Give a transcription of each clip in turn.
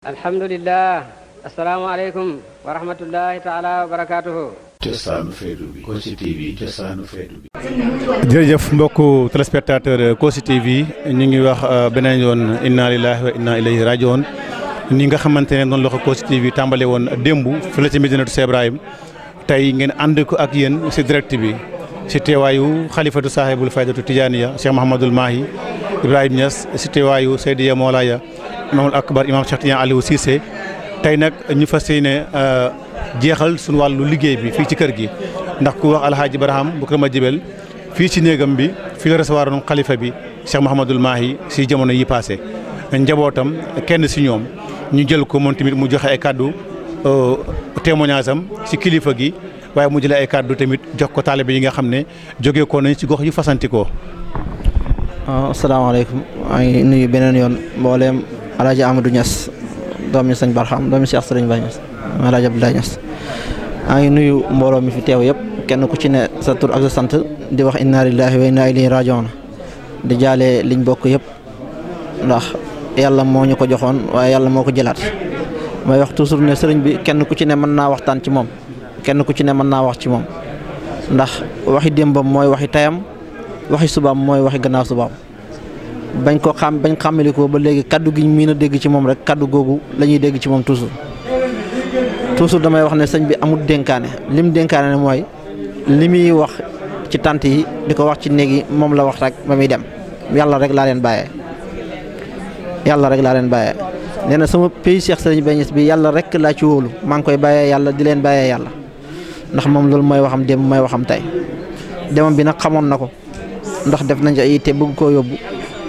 alhamdulilah asalaamaaleykum wa rahmatullahi taala wa barakaatuhu cosaanu feetu bi Kossy TV cosaanu feetu TV ñu ngi wax euh, beneen yoon inna lillahi wa inna ilayhi rajiun ni nga xamante ne noonu la ko Kossy TV tàmbale woon démb fële ci Medinatu Cheikh Ibrahim tey ngeen ànd ko ak yéen si direct bi si teewaayu xalifatu saahibul faydatu tijaaniya Cheikh Mahamadul Mahi Ibrahima Niass si teewaayu Seydiya Moolaya imaamul akbar imaam Cheikh Tidiane Aliou Cissé tey nag ñu fas yéene euh, jeexal suñu wàllu liggéey bi fii ci kër gi ndax ku wax alhaaji Barham bu kërama jibel fii ci néegam bi fi la recevoir noonu kalifa bi Cheikh Mouhamadul Mahi si jamono yi passé njabootam kenn si ñoom ñu jël ko moom tamit mu joxe ay kàddu euh, témoignage am si kilifa gi waaye mu jëlee ay kàddu tamit jox ko taalibe yi nga xam ne jóge koo nañ ci gox yi fasantikoo ah, asalaamaaleykum yoon mbooleem ama alaaji Amadou Niass doomi sëñ Barham doomi Cheikh Sëriñ Baye Niass alaaji Abdoulaye Niass maa ngi nuyu mbooloo mi fi teew yëpp kenn ku ci ne sa tur ak sa sant di wax inna lillahi wa inna ilayhi rajiun di jaale liñ bokk yépp ndax yàlla moo ñu ko joxoon waaye yàlla moo ko jëlaat mooy wax toujours ne sëriñ bi kenn ku ci ne mën naa waxtaan ci moom kenn ku ci ne mën naa wax ci moom ndax waxi démbam mooy waxi tayam waxi subaam mooy waxi gannaaw subaam bañ koo xam bañ xàmmali ko ba léegi kaddu gi miin a dégg ci moom rek kàddu googu la ñuy dégg ci moom toujours toujours damay wax ne sëñ bi amul dénkaane lim dénkaane mooy li muy wax ci tànt yi di ko wax ci néegi moom la wax rek ba muy dem yàlla rek laa leen bàyyee yàlla rek laa leen bàyyee nee na sama pays Cheikh Sëriñ bi yàlla rek laa ci wóolu maa ngi koy bàyyee yàlla di leen bàyyee yàlla ndax moom loolu mooy waxam démb mooy waxam tey demam bi nag xamoon na ko ndax def nañ ci ay te bëgg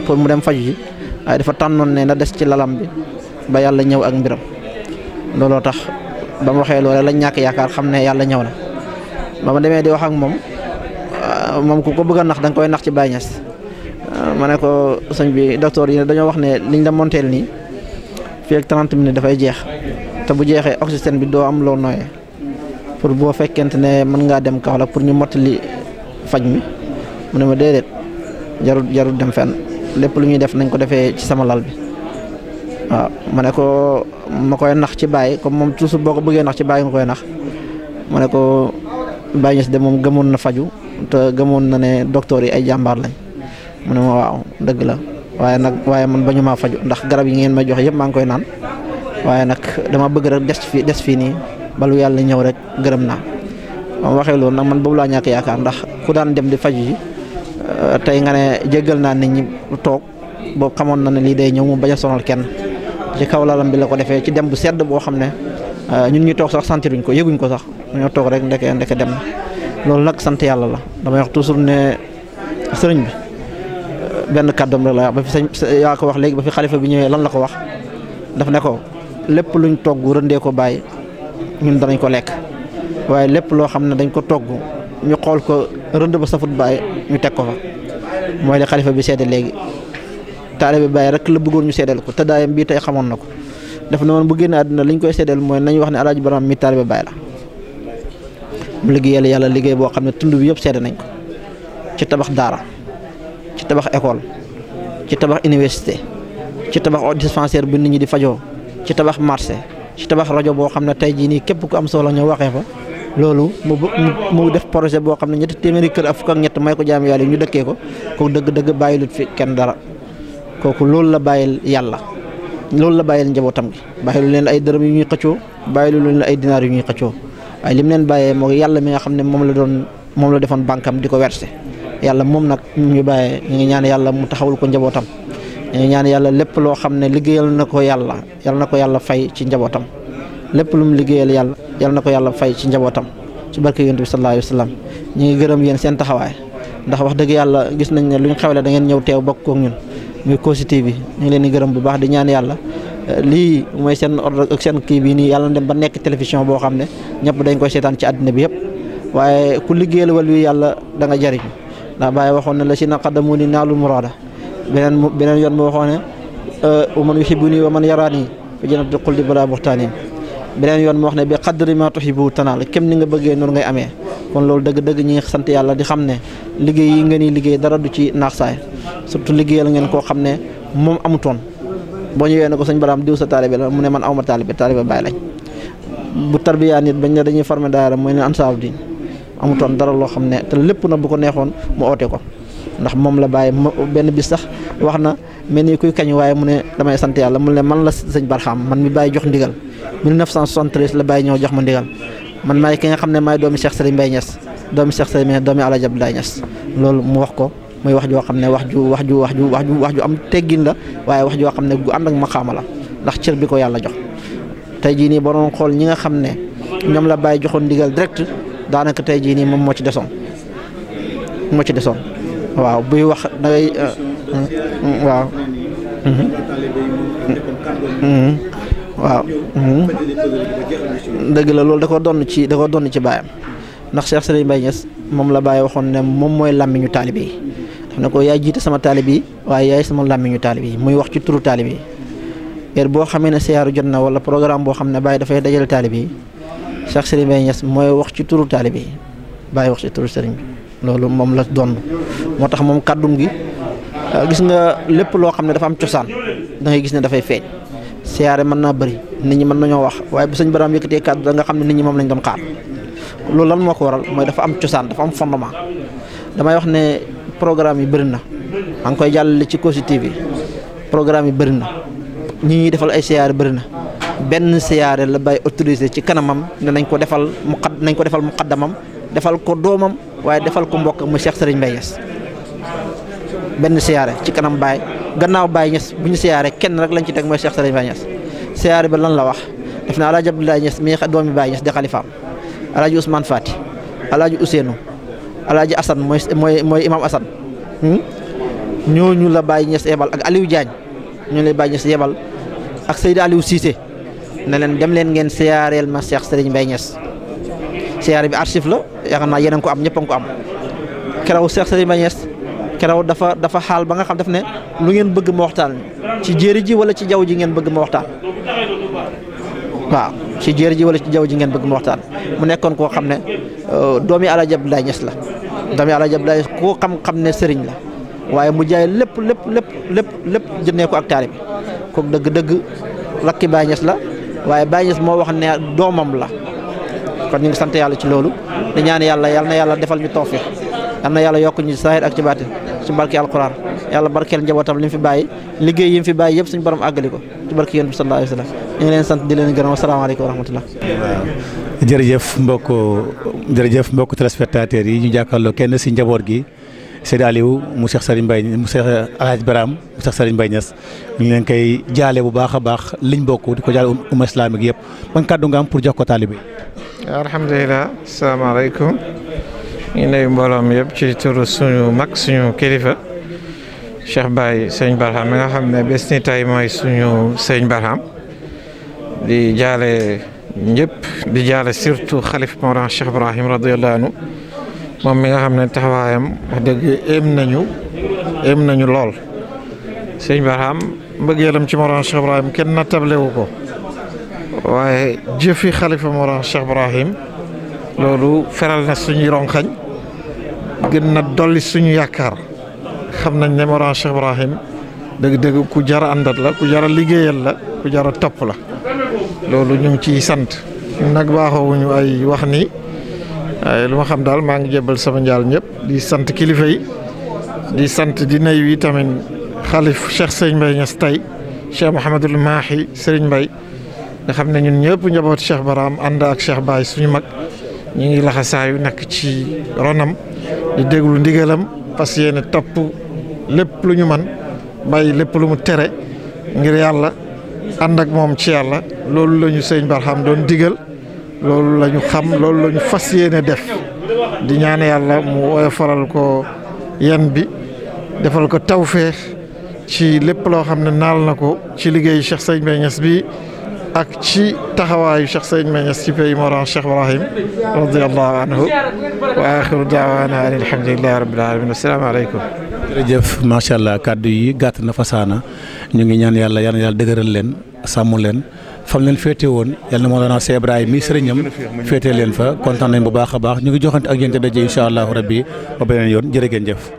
pour mu dem faju ay dafa tanon ne na dess ci lalam bi ba yalla ñew ak mbiram lolo tax ba waxe waxee la ñak yaakar xamne yalla ñew na ba ma demee di wax ak mom ah, mom ku ko bëgg nax dang koy nax ci Baye Niass ah, ma ko señ bi docteur yi dañu wax ne liñ la monteel ni fi ak 30 minutes da fay jeex ta bu jeexé oxygène bi do am lo noyé pour bo fekkente ne man nga dem Kaolack pour ñu motali fajj mi mu ne ma dedet jarul jarul dem fenn lepp lu ñuy def nañ ko defee ci sama lal bi wa ma ne ko ma nax ci bàyyi comme mom tousu boko ko nax ci bàyyi nga nax ma ko ñu de moom na faju te gëmon na ne docteur yi ay jambar lañ mu ma waaw dëgg la waye nak waye man bañu faju ndax garab yi ngeen ma jox yëpp ma ngoy naan waye nak dama bëgg rek dess fi dess fi ni balu yalla ñëw rek gëreem na moom lool nak man bobu la ñak yaakaar ndax ku daan dem di faju ji Euh, tey nga ne jéggal naa nit ñi toog boobu xamoon na ne lii day ñëw mu bañ a sonal kenn ci kaw lalam bi la ko defee ci dem bu sedd boo xam ne euh, ñun ñu toog sax sentiruñ ko yéguñ ko sax dañoo toog rek ndeke ndeke dem loolu nag sant yàlla la damay wax toujours ne sëriñ euh, benn kàddoom rek la ba fi sëñ yaa ko wax léegi ba fi xalifa bi ñëwee lan la ko wax daf ne ko lépp luñ togg rëndee ko bàyyi ñun danañ ko lekk waaye lépp loo xam ne dañ ko togg ñu xool ko rëdd ba safut baay ñu teg ko fa mooy li xalifa bi seede léegi taalibe baay rek la bëggoon ñu seedeel ko tëddaayam bii tey xamoon na ko def na woon bu génn àdduna liñ ñu koy seedeel mooy nañu wax ne alaaji baram mi taalibe baay la mu liggéeyal yàlla liggéey boo xam ne tund bi yëpp seede nañ ko ci tabax daara ci tabax école ci tabax université ci tabax dispensaire bu nit ñi di fajoo ci tabax marché ci tabax rajo boo xam ne tey jii nii képp ku am soxla ñoo waxee fa loolu mu mu def projet boo xam ne ñetti téeméeri kër ak fukk ak ñett may ko jaam yàlla yi ñu dëkkee ko ko dëgg-dëgg bàyyilut fi kenn dara kooku loolu la bàyyil yàlla loolu la bàyyil njabootam gi bàyyilu leen ay dërëm yu ñuy xëccoo bàyyilu leen ay dinaar yu ñuy xëccoo waaye lim leen bàyyee moo yàlla mi nga xam ne moom la doon moom la defoon bankam di ko versé yàlla moom nag ñu bàyyee ñu ngi ñaan yàlla mu taxawul ko njabootam ñu ngi ñaan yàlla lépp loo xam ne liggéeyal na ko yàlla yàlla na ko yàlla fay ci njabootam lepp lu mu liggéeyal yalla yalla nako yalla fay ci njabotam ci barke yonent sallallahu alayhi wasallam ñi ngi gëreem yeen seen taxaway ndax wax deug yalla gis nañ ne luñu xewle da ngeen ñew teew bokk ak ñun muy Kossy TV ñi ngi leen di gëreem bu baax di ñaan yalla eh, lii moy seen ordre ak seen ki bi ni yalla dem ba nekk télévision bo xamne ñepp dañ koy sétane ci aduna bi yépp waye ku liggéeyal wal wi yalla da nga jariñ da Baye waxon na la ci naqadamu ni naalul murada benen benen yoon mo waxone euh man yuhibuni wa man yarani fi jannati xuldi balaa buxtaaniin benen yoon mo xne bi qadr ma tuhibu tanal kem ni nga bëggee noonu ngay amé kon loolu deug deug ñi sant yalla di xamné ne liggéey yi nga ni liggéey dara du ci naax saay surtout liggéeyal ngeen ko xamné mom amuton bo boo ñëwee ko señ baram diw sa talibé mu né man awma talibé talibé bay lañ bu tarbiya nit bañ ne dañuy formé daara moy ne ansaaru diin amuton dara lo xamné té lepp na bu ko neexon mu oté ko ndax mom la bàyyi ben bis sax waxna melni kuy kañ waye mu ne damay sant yalla mu ne man la sëñ barxam man mi bàyyi jox ndigal 1973 la Baye ñëw jox ma ndigal man maay ki nga xam ne maay doomi Cheikh Serigne Mbaye Niass doomi Cheikh Serigne Mbaye doomi Alaaji Abdoulaye Niass loolu mu wax ko muy wax joo xam ne wax ju wax ju wax ju wax ju wax ju am teggin la waaye wax joo xam ne gu ànd ak maqaama la ndax cër bi ko yàlla jox tey jii nii ba doon xool ñi nga xam ne ñoom la Baye joxoon ndigal direct daanaka tey jii nii moom moo ci desoon moo ci desoon waaw buy wax da euh, euh, waaw mhm. Mhm. waaw mhm. dëgg la loolu da ko donn ci da ko donn ci baayam ndax Cheikh Serigne Mbaye Niass moom la Baye waxoon ne moom mooy làmmiñu taalibe yi daf na ko yaay jiite sama taalibe yi waaye yaay sama làmmiñu taalibe yi muy wax ci turu taalibe yi heure boo xamee ne siyaaru jot na wala programme boo ne Baye dafay dajale taalibe yi Cheikh Serigne Mbaye Niass mooy wax ci turu taalibe yi Baye wax ci turu bi loolu moom la donn moo tax moom kàddum gi ah, gis nga lépp loo xam ne dafa am cosaan da gis ne dafay feeñ siaré mën na bari nit ñi mën nañu wax waye bu sëñ baraam yëkëté kaddu da nga xamni nit ñi mom lañ doon xaar loolu lan moko waral moy dafa am ciosan dafa am fondement damay wax né programme yi bari na ang koy jall ci cosi TV programme yi bari na ñi defal ay siaré bari na ben siaré la bay autoriser ci kanamam né nañ ko defal mu nañ ko defal muqaddamam defal ko domam waye defal ko mbokk mu Cheikh Serigne Mbaye ben siaré ci kanam bay gannaaw Baye Niass bu ñu siyaaree kenn rek lañ ci teg mooy Cheikh Serigne Baye Niass siyaare ba lan la wax def na alaaji Abdoulaye Niass mi doomi Baye Niass di xalifaam alaaji Ousmane Fati alaaji Ousseynou alaaji Assane mooy mooy mooy imam Assane hmm? ñooñu la Baye Niass yebal ak Aliou Diagne ñu lay Baye Niass ak Seydou Aliou ne leen dem leen ngeen siyaareel ma Cheikh Serigne Baye Niass siyaare bi archive la yaakaar ko am ñëpp a ko am keroog Cheikh Serigne Baye Niass keroog dafa dafa xal ba nga xam dafa ne lu ngeen bëgg mo waxtaan ci jëri ji wala ci jaw ji ngeen bëgg mo waxtaan waaw ci jëri ji wala ci jaw ji ngeen bëgg mo waxtaan mu nekkon ko xamne ne euh, doomi Alaaji Abdoulaye Niass la doomi Alaaji Abdoulaye ko xam-xam ne sëriñ la waye mu jaay lepp lepp lepp lepp lepp jëne ko ak talib ko deug deug lakki bay Niass la waye bay Niass mo wax ne domam la kon ñu ngi sant ci lolu di ñaan yalla yalla na yalla defal ñu tawfiq amna yalla yok ñu ci ak ci batin ci barke alquran yàlla barkeel njabootam li mu fi bàyyi liggéey yi mu fi bàyyi yëpp suñu borom àggali ko ci barke yonent bi sallallahu alayhi wa sallam ñu ngi leen sant di leen gërëm asalaamaaleykum wa rahmatullah waaw jërëjëf mbokk jërëjëf mbokk téléspectateurs yi ñu jàkkaarloo kenn si njaboot gi Seydi Aliou mu Cheikh Serigne Mbaye mu Cheikh Alhaji Baram mu Cheikh Serigne Mbaye Niass ñu ngi leen koy jaale bu baax a baax liñ bokk di ko jaale um-, umma islamique yëpp ban kàddu nga am pour jox ko taalibe alhamdulilah asalaamaaleykum ñu nuyu mbooloo mi yëpp ci turu suñu mag suñu kilifa Cheikh Baye sëñ Barham mi nga xam ne bés ni tey mooy suñu sëñ Barham di jaale ñëpp di jaale surtout xalif Mawlana Cheikh Ibrahim radiyallahu anhu moom mi nga xam ne taxawaayam wax dëgg éem nañu éem nañu lool sëñ Barham mbëggeelam ci Mawlana Cheikh Ibrahim kenn nattablewu ko waaye jëfi xalifa Mawlana Cheikh Ibrahim loolu feral na suñuy ronxañ gën na dolli suñu yaakaar xam nañ ne Mawlana Cheikh Ibrahim dëgg-dëgg ku jar a àndat la ku jar a liggéeyal la ku jar a topp la loolu ñu ngi ciy sant ñun nag baaxoowuñu ay wax ni waaye lu ma xam daal maa ngi jébbal sama njaal ñëpp di sant kilifa yi di sant di nuyu yi tamit xalif Cheikh Sëñ Mbaye Niass tey Cheikh Mouhamadul Mahi Serigne Mbaye nga xam ne ñun ñëpp njaboot Cheikh Baram ànd ak Cheikh Baye suñu mag ñu ngi laxasaayu nekk ci ronam di déglu ndigalam fas yéene topp lépp lu ñu man bàyyi lépp lu mu tere ngir yàlla ànd ak moom ci yàlla loolu lañu ñu sëñ Barham doon digal loolu la xam loolu lañu fas yéene def di ñaan yàlla mu woyofaral ko yan bi defal ko tawféex ci lépp loo xam ne naal na ko ci liggéey Cheikh Sëñ Baye bi ak ci taxawaayu Cheikh Seydou Mbengue ci pays Moran Cheikh Ibrahim radiyallahu anhu wa axiru daawaana an alhamdulillahi rabbil alamin assalaamu aleykum jërëjëf macha allah kàddu yi gàtt na fasaana ñu ngi ñaan yàlla yal na yàlla dëgëral leen sàmm leen fam leen féete woon yal na Mawlana Cheikh Ibrahim mi sëriñam féete leen fa kontaan nañ bu baax a baax ñu ngi joxante ak yéen daje incha allahu rabbi ba beneen yoon jërë ngeen jëf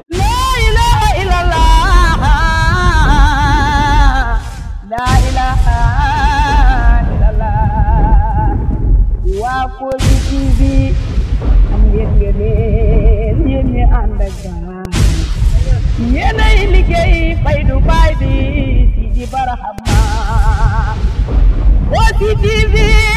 derramar. Hoje viver.